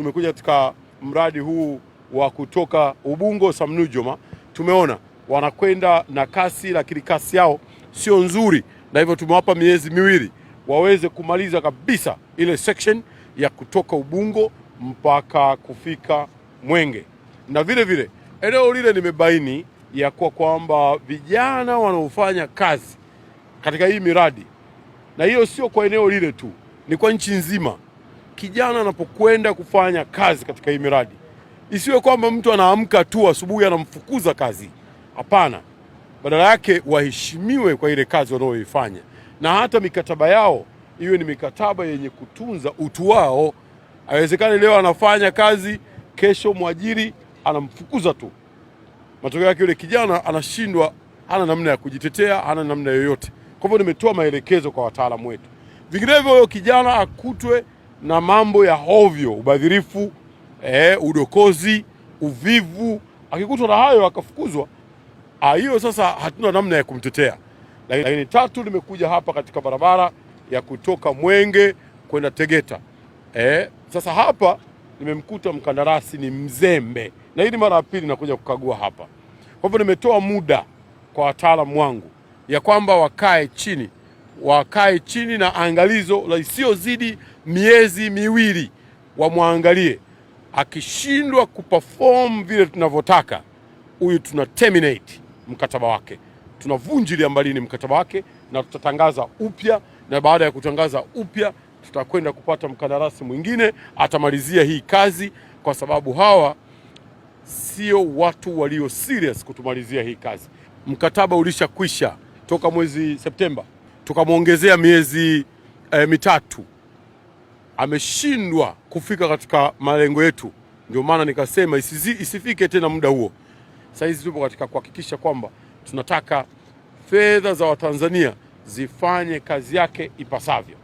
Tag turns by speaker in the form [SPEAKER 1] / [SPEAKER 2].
[SPEAKER 1] tumekuja katika mradi huu wa kutoka Ubungo Samnujoma, tumeona wanakwenda na kasi, lakini kasi yao sio nzuri, na hivyo tumewapa miezi miwili waweze kumaliza kabisa ile section ya kutoka Ubungo mpaka kufika Mwenge. Na vile vile eneo lile nimebaini ya kuwa kwamba vijana wanaofanya kazi katika hii miradi, na hiyo sio kwa eneo lile tu, ni kwa nchi nzima kijana anapokwenda kufanya kazi katika hii miradi, isiwe kwamba mtu anaamka tu asubuhi anamfukuza kazi. Hapana, badala yake waheshimiwe kwa ile kazi wanayoifanya, na hata mikataba yao iwe ni mikataba yenye kutunza utu wao. Haiwezekani leo anafanya kazi, kesho mwajiri anamfukuza tu. Matokeo yake yule kijana anashindwa, hana namna ya kujitetea, hana namna yoyote. Kwa hivyo nimetoa maelekezo kwa wataalamu wetu, vinginevyo huyo kijana akutwe na mambo ya hovyo, ubadhirifu, eh, udokozi, uvivu. Akikutwa na hayo akafukuzwa, ah, hiyo sasa hatuna namna ya kumtetea. Lakini tatu, limekuja hapa katika barabara ya kutoka Mwenge kwenda Tegeta. Eh, sasa hapa nimemkuta mkandarasi ni mzembe, na hii ni mara ya pili nakuja kukagua hapa. Kwa hivyo nimetoa muda kwa wataalamu wangu ya kwamba wakae chini wakae chini na angalizo zidi miezi miwili, wamwangalie. Akishindwa kuperform vile tunavyotaka, huyu tuna terminate mkataba wake, tunavunjilia mbalini mkataba wake na tutatangaza upya, na baada ya kutangaza upya tutakwenda kupata mkandarasi mwingine atamalizia hii kazi, kwa sababu hawa sio watu walio serious kutumalizia hii kazi. Mkataba ulishakwisha toka mwezi Septemba tukamwongezea miezi e, mitatu, ameshindwa kufika katika malengo yetu. Ndio maana nikasema isizi, isifike tena muda huo. Saizi tupo katika kuhakikisha kwamba tunataka fedha za Watanzania zifanye kazi yake ipasavyo.